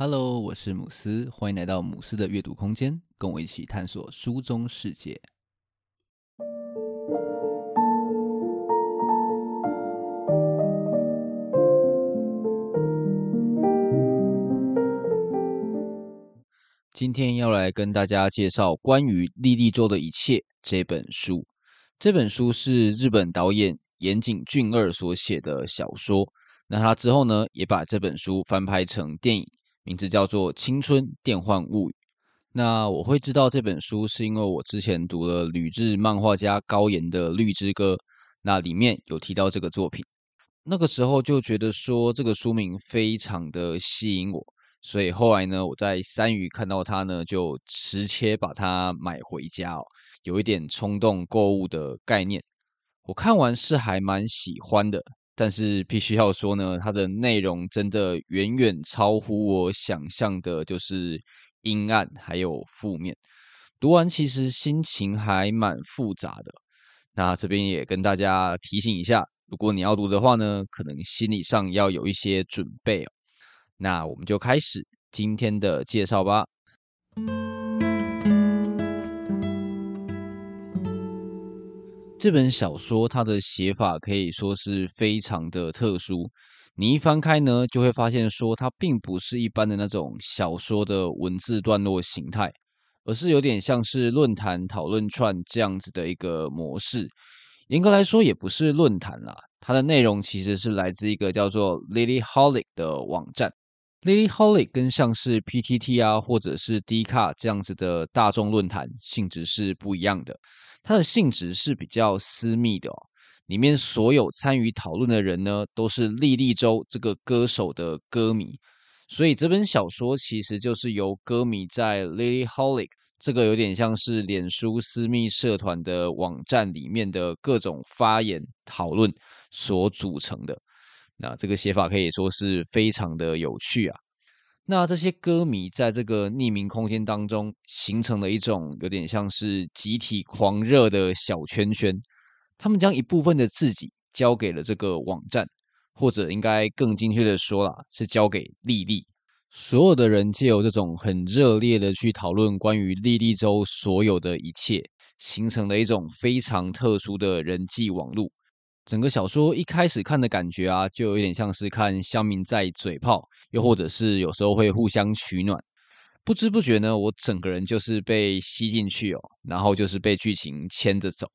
Hello，我是姆斯，歡迎來到姆斯的閱讀空間，跟我一起探索書中世界。今天要來跟大家介紹關於《莉莉周的一切》這本書。這本書是日本導演岩井俊二所寫的小說，那他之後呢，也把這本書翻拍成電影。名字叫做《青春電幻物語》。那我會知道這本書，是因為我之前讀了旅日漫畫家高妍的《綠之歌》，那裡面有提到這個作品。那個時候就覺得說這個書名非常的吸引我，所以後來呢，我在三餘看到它呢，就直接把它買回家哦，有一點衝動購物的概念。我看完是還蠻喜歡的。但是必須要說呢，它的內容真的遠遠超乎我想象的，就是陰暗還有負面。讀完其實心情還蠻複雜的。那這邊也跟大家提醒一下，如果你要讀的話呢，可能心理上要有一些準備哦。那我們就開始今天的介紹吧。這本小說它的寫法可以說是非常的特殊。你一翻開呢，就會發現說它並不是一般的那種小說的文字段落形態，而是有點像是論壇討論串這樣子的一個模式。嚴格來說也不是論壇啦，它的內容其實是來自一個叫做 Lilyholic 的網站。Lilyholic 跟像是 PTT 啊，或者是 Dcard 這樣子的大眾論壇性質是不一樣的，它的性質是比較私密的哦。裡面所有參與討論的人呢，都是莉莉周這個歌手的歌迷，所以這本小說其實就是由歌迷在 Lilyholic 這個有點像是臉書私密社團的網站裡面的各種發言討論所組成的。那這個寫法可以說是非常的有趣啊！那這些歌迷在這個匿名空間當中形成了一種有點像是集體狂熱的小圈圈，他們將一部分的自己交給了這個網站，或者應該更精確的說啦，是交給莉莉。所有的人借由這種很熱烈的去討論關於莉莉周所有的一切，形成了一種非常特殊的人際網絡。整個小說一開始看的感覺啊，就有點像是看鄉民在嘴炮，又或者是有時候會互相取暖。不知不覺呢，我整個人就是被吸進去哦，然後就是被劇情牽着走。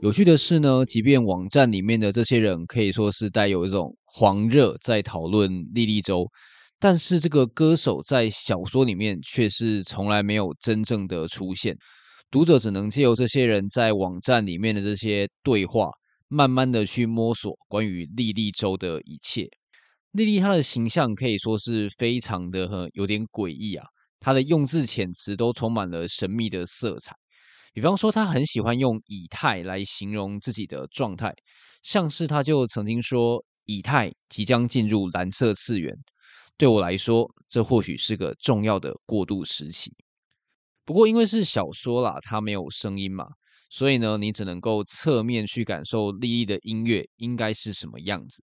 有趣的是呢，即便網站裡面的這些人可以說是帶有一種狂熱，在討論莉莉周。但是這個歌手在小說裡面卻是從來沒有真正的出現，讀者只能借由這些人在網站裡面的這些對話，慢慢的去摸索關於莉莉周的一切。莉莉她的形象可以說是非常的很，有點詭異啊，她的用字遣詞都充滿了神秘的色彩。比方說，她很喜歡用以太來形容自己的狀態，像是她就曾經說，以太即將進入藍色次元。對我來說，這或許是個重要的過渡時期。不過，因為是小說啦，它沒有聲音嘛，所以呢，你只能夠側面去感受莉莉的音樂應該是什麼樣子。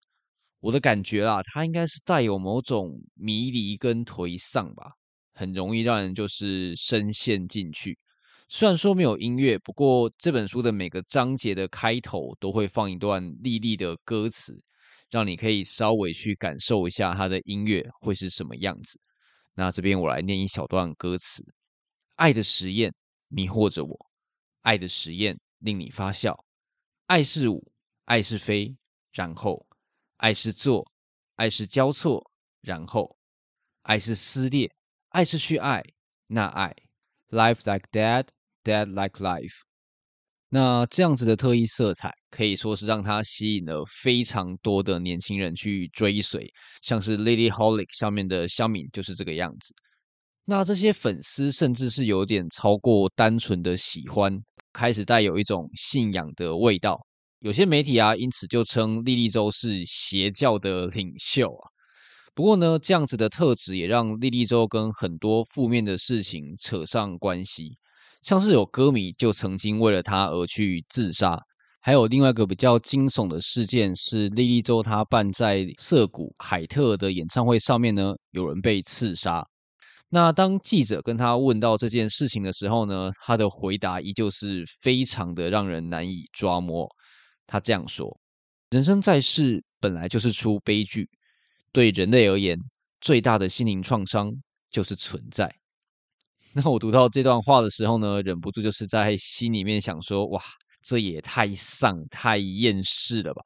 我的感覺啦，它應該是帶有某種迷離跟頹喪吧，很容易讓人就是深陷進去。雖然說沒有音樂，不過這本書的每個章節的開頭都會放一段莉莉的歌詞。讓你可以稍微去感受一下他的音樂會是什麼樣子。那這邊我來念一小段歌詞：愛的實驗迷惑著我，愛的實驗令你發笑。愛是舞，愛是飛，然後愛是做，愛是交錯，然後愛是撕裂，愛是去愛。那愛，life like dead，dead like life。那這樣子的特異色彩，可以說是讓他吸引了非常多的年輕人去追隨，像是 Lily Holic 上面的香敏就是這個樣子。那這些粉絲甚至是有點超過單純的喜歡，開始帶有一種信仰的味道。有些媒體啊，因此就稱莉莉周是邪教的領袖啊。不過呢，這樣子的特質也讓莉莉周跟很多負面的事情扯上關係。像是有歌迷就曾經為了他而去自殺，還有另外一個比較驚悚的事件是，莉莉周她辦在澀谷凱特的演唱會上面呢，有人被刺殺。那當記者跟他問到這件事情的時候呢，他的回答依舊是非常的讓人難以捉摸。他這樣說：“人生在世本來就是出悲劇，對人類而言，最大的心靈創傷就是存在。”那我讀到這段話的時候呢，忍不住就是在心裡面想說，哇，這也太喪、太厭世了吧！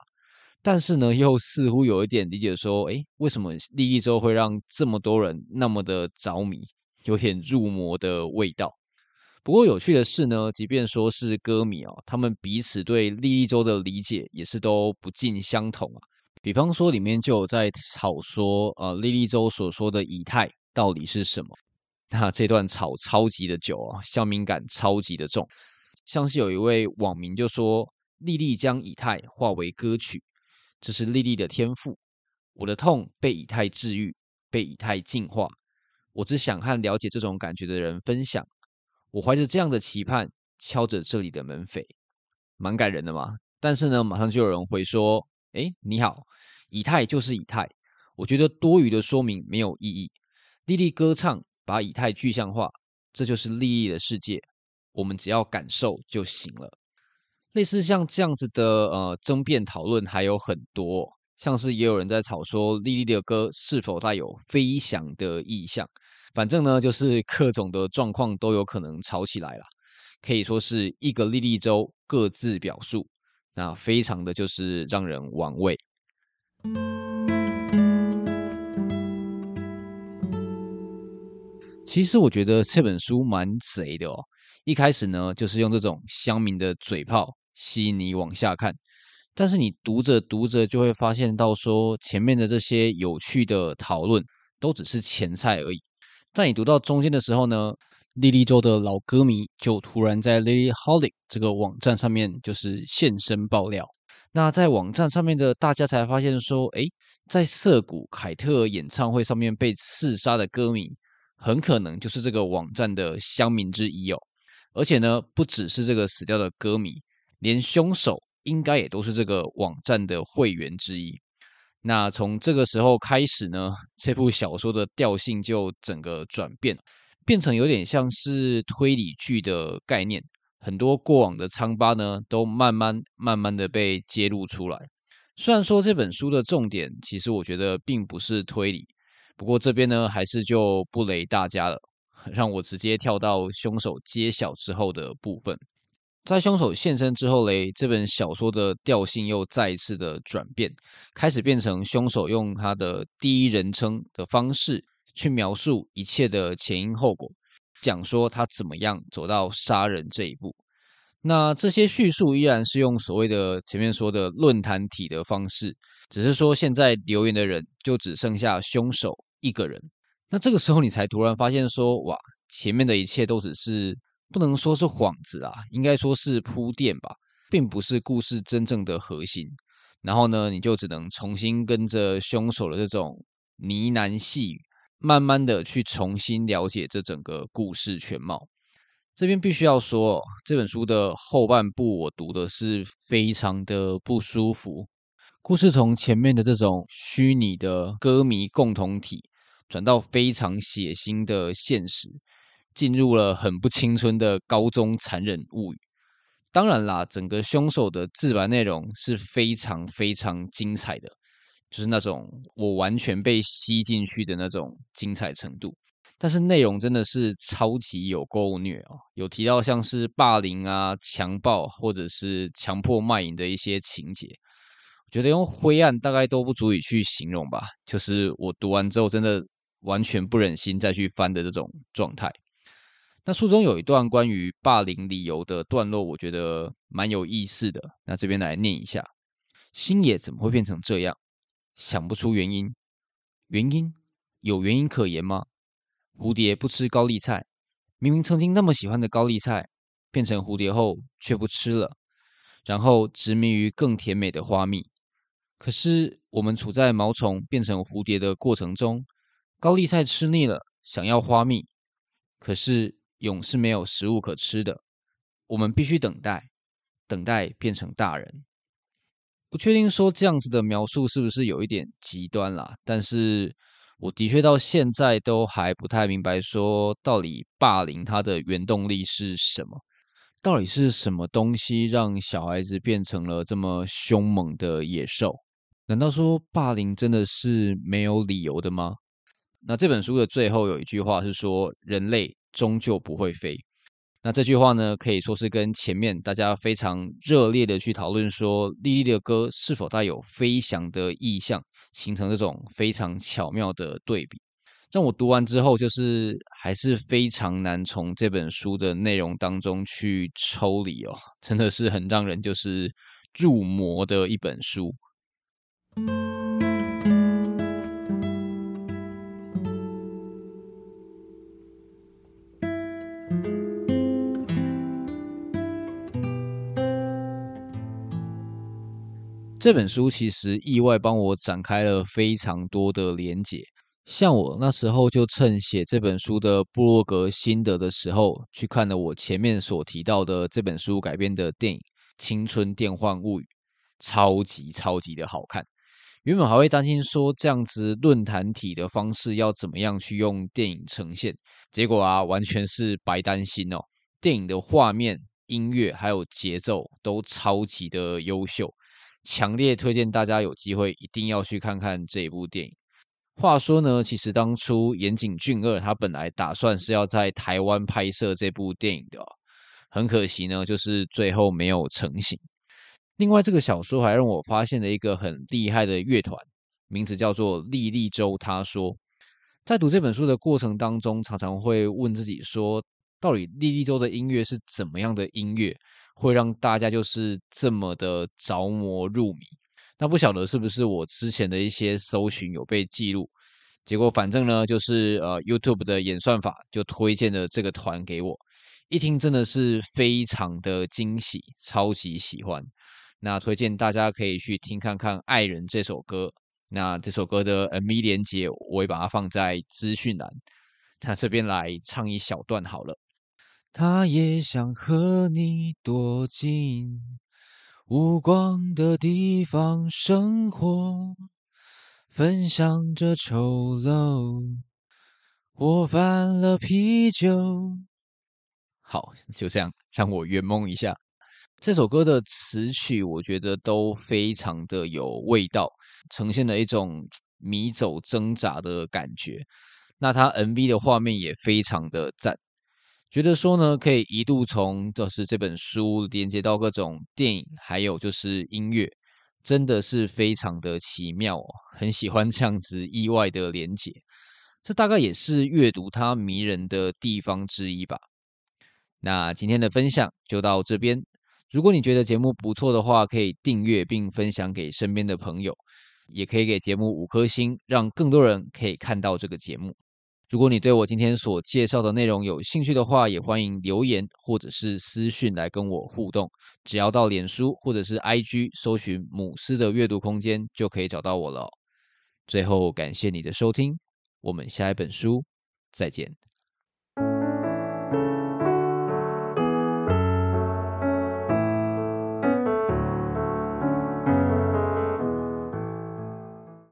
但是呢，又似乎有一點理解說，誒，為什麼莉莉周會讓這麼多人那麼的着迷，有點入魔的味道。不過有趣的是呢，即便說是歌迷哦，他們彼此對莉莉周的理解也是都不盡相同啊。比方說，裡面就有在吵說，呃，莉莉周所說的以太到底是什麼。那這段吵超級的久哦，鄉民感超級的重，像是有一位網民就說：“莉莉將以太化為歌曲，這是莉莉的天賦。我的痛被以太治癒，被以太淨化。我只想和了解這種感覺的人分享。我懷着這樣的期盼，敲着這裡的門扉。蠻感人的嘛。但是呢，馬上就有人會說：‘哎，你好，以太就是以太。’我覺得多餘的說明沒有意義。莉莉歌唱，把以太具象化，這就是莉莉的世界，我們只要感受就行了。類似像這樣子的呃爭辯討論還有很多哦，像是也有人在吵說莉莉的歌是否帶有飛翔的意象，反正呢就是各種的狀況都有可能吵起來了，可以說是一個莉莉周各自表述，那非常的就是讓人玩味。其實我覺得這本書蠻賊的哦。一開始呢，就是用這種鄉民的嘴炮吸引你往下看，但是你讀着讀着就會發現到說，前面的這些有趣的討論都只是前菜而已。在你讀到中間的時候呢，莉莉周的老歌迷就突然在 Lily Holic 這個網站上面就是現身爆料。那在網站上面的大家才發現說，誒，在澀谷凱特演唱會上面被刺殺的歌迷。很可能就是這個網站的鄉民之一哦，而且呢，不只是這個死掉的歌迷，連凶手應該也都是這個網站的會員之一。那從這個時候開始呢，這部小說的調性就整個轉變，變成有點像是推理劇的概念。很多過往的瘡疤呢，都慢慢慢慢的被揭露出來。雖然說這本書的重點，其實我覺得並不是推理。不過這邊呢，還是就不雷大家了，讓我直接跳到凶手揭曉之後的部分。在凶手現身之後嘞，這本小說的調性又再一次的轉變，開始變成凶手用他的第一人稱的方式去描述一切的前因後果，講說他怎麼樣走到殺人這一步。那這些敘述依然是用所謂的前面說的論壇體的方式，只是說現在留言的人就只剩下凶手。一個人，那這個時候你才突然發現說，哇，前面的一切都只是不能說是幌子啊，應該說是鋪墊吧，並不是故事真正的核心。然後呢，你就只能重新跟着兇手的這種呢喃細語，慢慢的去重新了解這整個故事全貌。這邊必須要說，這本書的後半部我讀的是非常的不舒服。故事從前面的這種虛擬的歌迷共同體，轉到非常血腥的現實，進入了很不青春的高中殘忍物語。當然啦，整個凶手的自白內容是非常非常精彩的，就是那種我完全被吸進去的那種精彩程度。但是內容真的是超級有夠虐啊，有提到像是霸凌啊、強暴或者是強迫賣淫的一些情節。覺得用灰暗大概都不足以去形容吧，就是我讀完之後真的完全不忍心再去翻的這種狀態。那書中有一段關於霸凌理由的段落，我覺得蠻有意思的。那這邊來念一下：星野怎麼會變成這樣？想不出原因，原因？有原因可言嗎？蝴蝶不吃高麗菜，明明曾經那麼喜歡的高麗菜，變成蝴蝶後卻不吃了，然後執迷於更甜美的花蜜。可是我們處在毛蟲變成蝴蝶的過程中，高麗菜吃膩了，想要花蜜。可是蛹是沒有食物可吃的，我們必須等待，等待變成大人。不確定說這樣子的描述是不是有一點極端啦，但是我的確到現在都還不太明白，說到底霸凌它的原動力是什麼？到底是什麼東西讓小孩子變成了這麼兇猛的野獸？難道說霸凌真的是沒有理由的嗎？那這本書的最後有一句話是說：“人類終究不會飛。”那這句話呢，可以說是跟前面大家非常熱烈的去討論說莉莉的歌是否帶有飛翔的意象，形成這種非常巧妙的對比。讓我讀完之後，就是還是非常難從這本書的內容當中去抽離哦，真的是很讓人就是入魔的一本書。這本書其實意外幫我展開了非常多的聯結，像我那時候就趁寫這本書的部落格心得的時候，去看了我前面所提到的這本書改編的電影《青春電幻物語》，超級超級的好看。原本還會擔心說這樣子論壇體的方式要怎麼樣去用電影呈現，結果啊完全是白擔心哦！電影的畫面、音樂還有節奏都超級的優秀，強烈推薦大家有機會一定要去看看這一部電影。話說呢，其實當初岩井俊二他本來打算是要在台灣拍攝這部電影的哦，很可惜呢，就是最後沒有成型。另外，這個小說還讓我發現了一個很厲害的樂團，名字叫做莉莉周她說。在讀這本書的過程當中，常常會問自己說，到底莉莉周的音樂是怎麼樣的音樂，會讓大家就是這麼的着魔入迷？那不曉得是不是我之前的一些搜尋有被記錄，結果反正呢，就是呃，YouTube 的演算法就推薦了這個團給我，一聽真的是非常的驚喜，超級喜歡。那推薦大家可以去聽看看《愛人》這首歌。那這首歌的 MV 連接，我會把它放在資訊欄。那這邊來唱一小段好了。他也想和你躲進無光的地方生活，分享着醜陋。我翻了啤酒。好，就這樣，讓我圓夢一下。這首歌的詞曲，我覺得都非常的有味道，呈現了一種迷走掙扎的感覺。那他 MV 的畫面也非常的讚，覺得說呢，可以一度從就是這本書連接到各種電影，還有就是音樂，真的是非常的奇妙哦。很喜歡這樣子意外的連接，這大概也是閱讀它迷人的地方之一吧。那今天的分享就到這邊。如果你覺得節目不錯的話，可以訂閱並分享給身邊的朋友，也可以給節目五顆星，讓更多人可以看到這個節目。如果你對我今天所介紹的內容有興趣的話，也歡迎留言或者是私訊來跟我互動。只要到臉書或者是 IG 搜尋“姆斯的閱讀空間”就可以找到我了。最後，感謝你的收聽，我們下一本書再見。